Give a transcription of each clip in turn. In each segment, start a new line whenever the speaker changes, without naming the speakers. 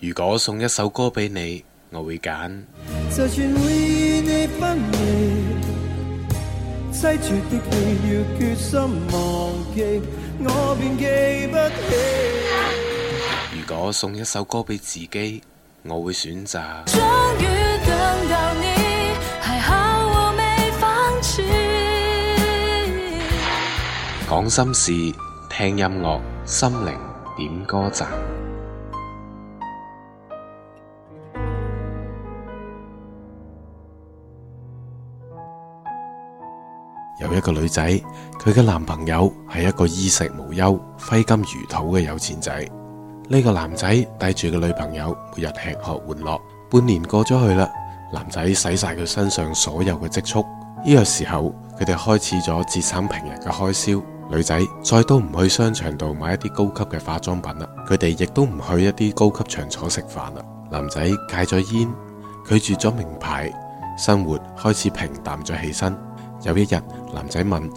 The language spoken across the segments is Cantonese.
如果送一首歌俾你，我會揀。如果送一首歌畀自己，我會選擇。
終於等到你，還好我沒放棄。
講心事，聽音樂，心靈點歌站。一個女仔，佢嘅男朋友係一個衣食無憂、揮金如土嘅有錢仔。呢個男仔帶住個女朋友，每日吃喝玩樂。半年過咗去啦，男仔使晒佢身上所有嘅積蓄。呢個時候，佢哋開始咗節省平日嘅開銷。女仔再都唔去商場度買一啲高級嘅化妝品啦，佢哋亦都唔去一啲高級場所食飯啦。男仔戒咗煙，拒絕咗名牌，生活開始平淡咗起身。有一日，男仔問：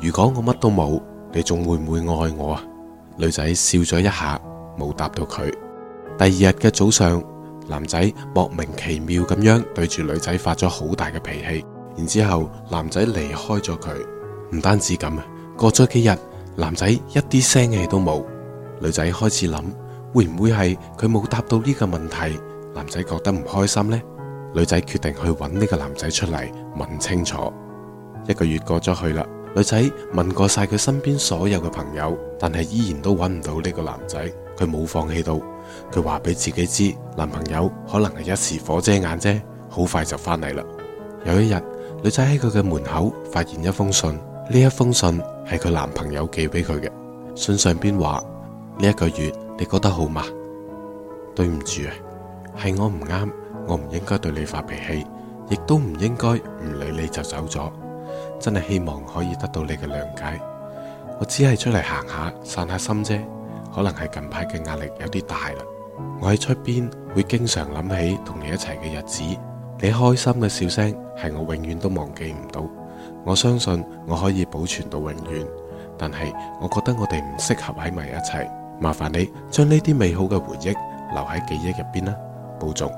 如果我乜都冇，你仲會唔會愛我啊？女仔笑咗一下，冇答到佢。第二日嘅早上，男仔莫名其妙咁樣對住女仔發咗好大嘅脾氣，然之後男仔離開咗佢。唔單止咁啊，過咗幾日，男仔一啲聲氣都冇。女仔開始諗會唔會係佢冇答到呢個問題，男仔覺得唔開心呢？女仔決定去搵呢個男仔出嚟問清楚。一個月過咗去啦，女仔問過晒佢身邊所有嘅朋友，但係依然都揾唔到呢個男仔。佢冇放棄到，佢話俾自己知，男朋友可能係一時火遮眼啫，好快就翻嚟啦。有一日，女仔喺佢嘅門口發現一封信，呢一封信係佢男朋友寄俾佢嘅。信上邊話：呢一個月你覺得好嗎？對唔住啊，係我唔啱，我唔應該對你發脾氣，亦都唔應該唔理你就走咗。真係希望可以得到你嘅諒解，我只係出嚟行下散下心啫，可能係近排嘅壓力有啲大啦。我喺出邊會經常諗起同你一齊嘅日子，你開心嘅笑聲係我永遠都忘記唔到，我相信我可以保存到永遠。但係我覺得我哋唔適合喺埋一齊，麻煩你將呢啲美好嘅回憶留喺記憶入邊啦，保重。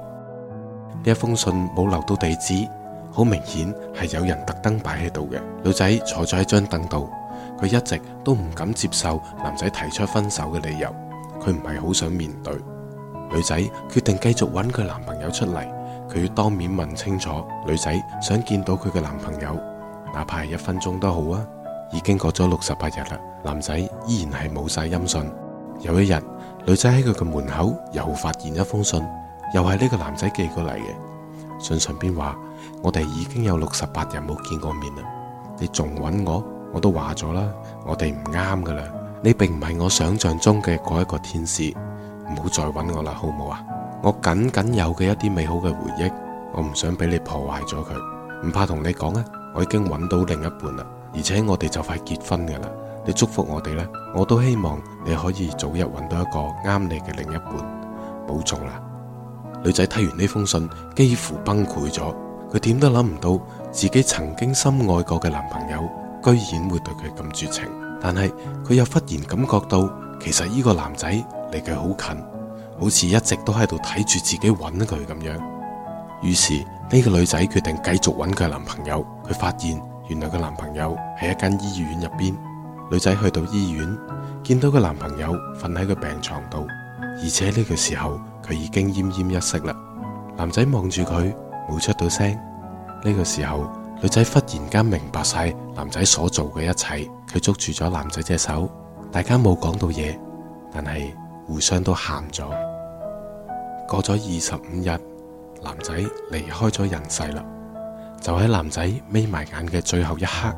呢一封信冇留到地址。好明顯係有人特登擺喺度嘅。女仔坐咗喺張凳度，佢一直都唔敢接受男仔提出分手嘅理由，佢唔係好想面對。女仔決定繼續揾佢男朋友出嚟，佢要當面問清楚。女仔想見到佢嘅男朋友，哪怕係一分鐘都好啊。已經過咗六十八日啦，男仔依然係冇晒音訊。有一日，女仔喺佢嘅門口又發現一封信，又係呢個男仔寄過嚟嘅。信上邊話，我哋已經有六十八日冇見過面啦，你仲揾我，我都話咗啦，我哋唔啱噶啦，你並唔係我想象中嘅嗰一個天使，唔好再揾我啦，好唔好啊？我僅僅有嘅一啲美好嘅回憶，我唔想俾你破壞咗佢，唔怕同你講啊，我已經揾到另一半啦，而且我哋就快結婚噶啦，你祝福我哋呢，我都希望你可以早日揾到一個啱你嘅另一半，保重啦。女仔睇完呢封信，幾乎崩潰咗。佢點都諗唔到，自己曾經深愛過嘅男朋友，居然會對佢咁絕情。但係佢又忽然感覺到，其實呢個男仔離佢好近，好似一直都喺度睇住自己揾佢咁樣。於是呢個女仔決定繼續揾佢男朋友。佢發現，原來佢男朋友喺一間醫院入邊。女仔去到醫院，見到佢男朋友瞓喺個病床度，而且呢個時候。佢已經奄奄一息啦。男仔望住佢，冇出到聲。呢個時候，女仔忽然間明白晒男仔所做嘅一切。佢捉住咗男仔隻手，大家冇講到嘢，但係互相都喊咗。過咗二十五日，男仔離開咗人世啦。就喺男仔眯埋眼嘅最後一刻，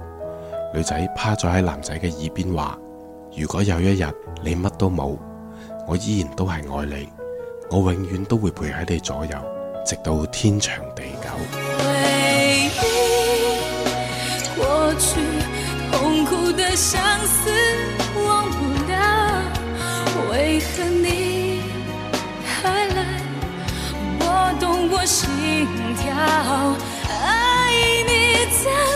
女仔趴咗喺男仔嘅耳邊話：如果有一日你乜都冇，我依然都係愛你。我永遠都會陪喺你左右，直到天長地
久。回憶過去，痛苦的相思忘不了，為何你還來撥動我心跳？愛你在？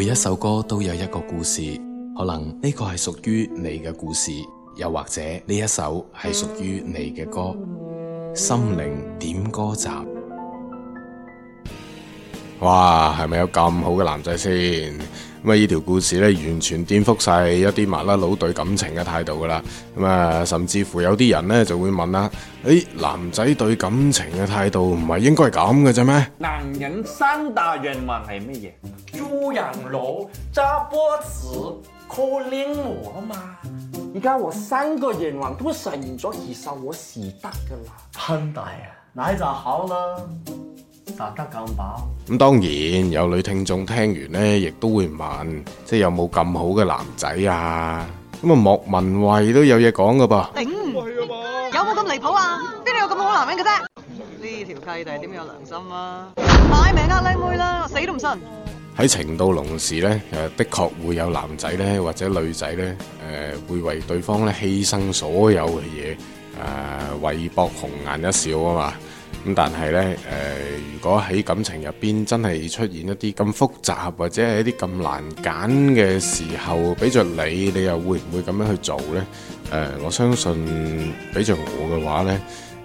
每一首歌都有一個故事，可能呢個係屬於你嘅故事，又或者呢一首係屬於你嘅歌，心靈點歌集。哇，係咪有咁好嘅男仔先？咁啊，呢條故事咧，完全顛覆晒一啲麻甩佬對感情嘅態度噶啦。咁啊，甚至乎有啲人咧，就會問啦、啊，誒、欸，男仔對感情嘅態度唔係應該係咁嘅啫咩？男人三大願望係乜嘢？住洋樓、揸波子、溝靚模啊嘛？而家我三個願望都實現咗，其實我是得嘅啦。兄弟，啊，那就好
啦。食得
咁飽，咁當然有女聽眾聽完咧，亦都會問，即係有冇咁好嘅男仔啊？咁啊，莫文蔚都有嘢講噶噃。頂，唔係啊嘛，有冇咁離譜啊？邊度有咁好男人嘅啫？呢條契弟點有良心啊？賣命嘅靚妹啦，死都唔信。喺情到濃時咧，誒，的確會有男仔咧或者女仔咧，誒會為對方咧犧牲所有嘅嘢，誒為博紅顏一笑啊嘛。咁但係呢，誒、呃，如果喺感情入邊真係出現一啲咁複雜或者係一啲咁難揀嘅時候，俾着你，你又會唔會咁樣去做呢？誒、呃，我相信俾着我嘅話呢，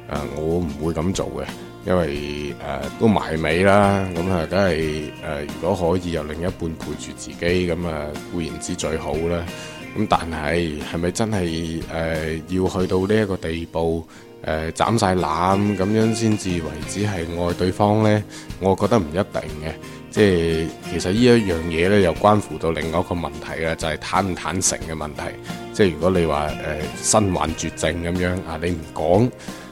誒、呃，我唔會咁做嘅，因為誒、呃、都埋尾啦。咁、嗯、啊，梗係誒，如果可以由另一半陪住自己，咁、嗯、啊固然之最好啦。咁、嗯、但係係咪真係誒、呃、要去到呢一個地步？誒、呃、斬晒纜咁樣先至為止係愛對方呢？我覺得唔一定嘅。即係其實呢一樣嘢呢，又關乎到另一個問題啦，就係、是、坦唔坦誠嘅問題。即係如果你話誒、呃、身患絕症咁樣啊，你唔講，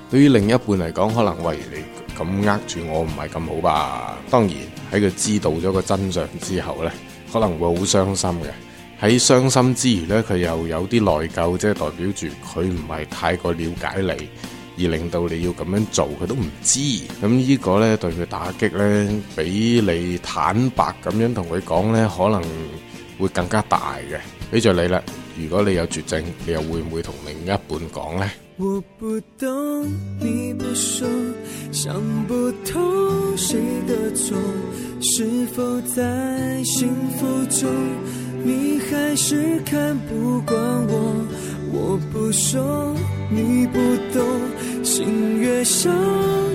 對於另一半嚟講，可能喂，你咁呃住我唔係咁好吧。當然喺佢知道咗個真相之後呢，可能會好傷心嘅。喺傷心之餘呢，佢又有啲內疚，即係代表住佢唔係太過了解你。而令到你要咁樣做，佢都唔知。咁呢個咧對佢打擊咧，比你坦白咁樣同佢講咧，可能會更加大嘅。俾咗你啦，如果你有絕症，你又會唔會同另一半講咧？
我不懂，你不說，想不通誰的錯，是否在幸福中，你還是看不慣我，我不說。你你不懂，心越想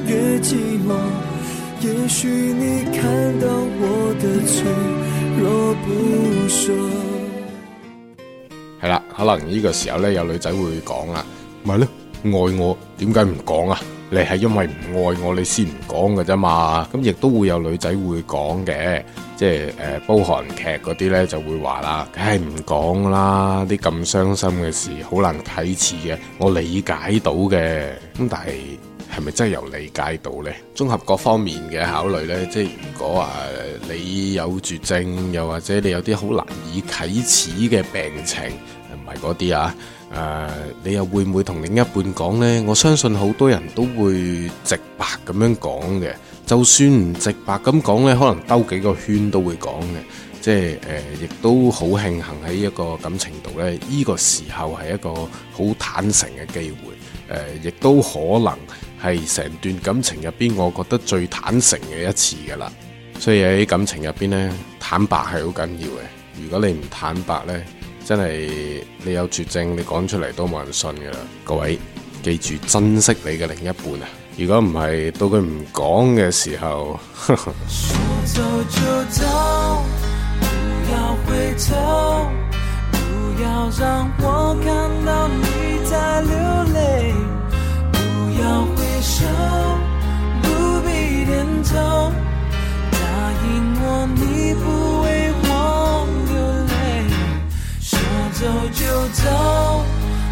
越寂寞。也許你看到我的脆弱不說。
係啦，可能呢個時候咧，有女仔會講啦。咪咯。愛我點解唔講啊？你係因為唔愛我，你先唔講㗎啫嘛。咁亦都會有女仔會講嘅，即係誒，煲韓劇嗰啲呢就會話啦，梗係唔講啦。啲咁傷心嘅事好難啟齒嘅，我理解到嘅。咁但係係咪真係由理解到呢？綜合各方面嘅考慮呢，即係如果啊、呃，你有絕症，又或者你有啲好難以啟齒嘅病情，唔係嗰啲啊。誒、啊，你又會唔會同另一半講呢？我相信好多人都會直白咁樣講嘅，就算唔直白咁講呢，可能兜幾個圈都會講嘅。即係誒，亦、呃、都好慶幸喺一個感情度呢。呢、呢個時候係一個好坦誠嘅機會。誒、呃，亦都可能係成段感情入邊，我覺得最坦誠嘅一次噶啦。所以喺感情入邊呢，坦白係好緊要嘅。如果你唔坦白呢。真係你有絕症，你講出嚟都冇人信㗎啦！各位，記住珍惜你嘅另一半啊！如果唔係，到佢唔講嘅時候，呵呵。
說走就走，不要回頭，不要讓我看到你在流淚，不要回首，不必點頭，答應我你不走就走，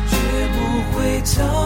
絕不回頭。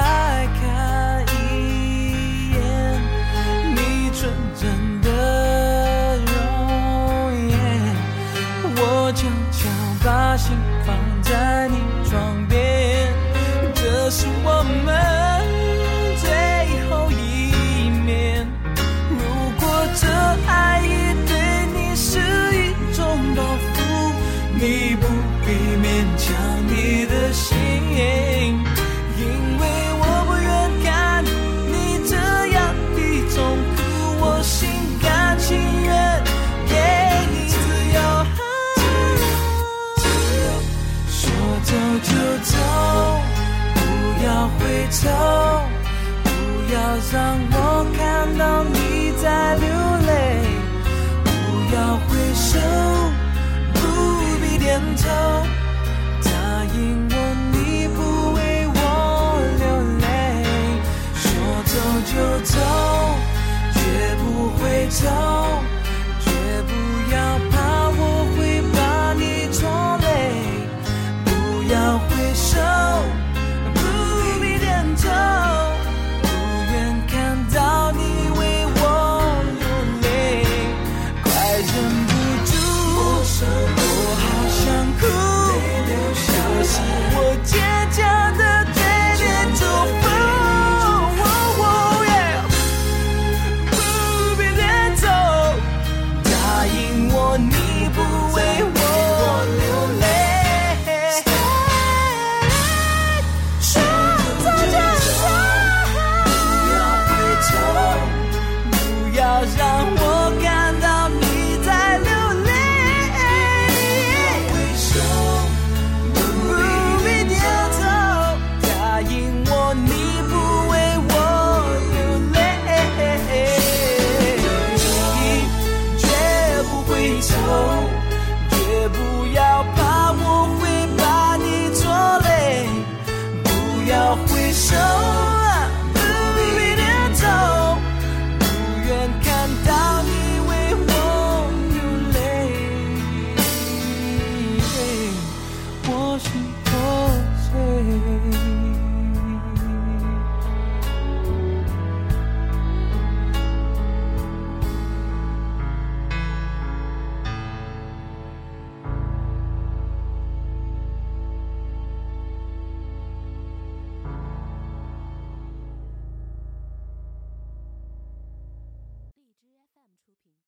走，不要讓。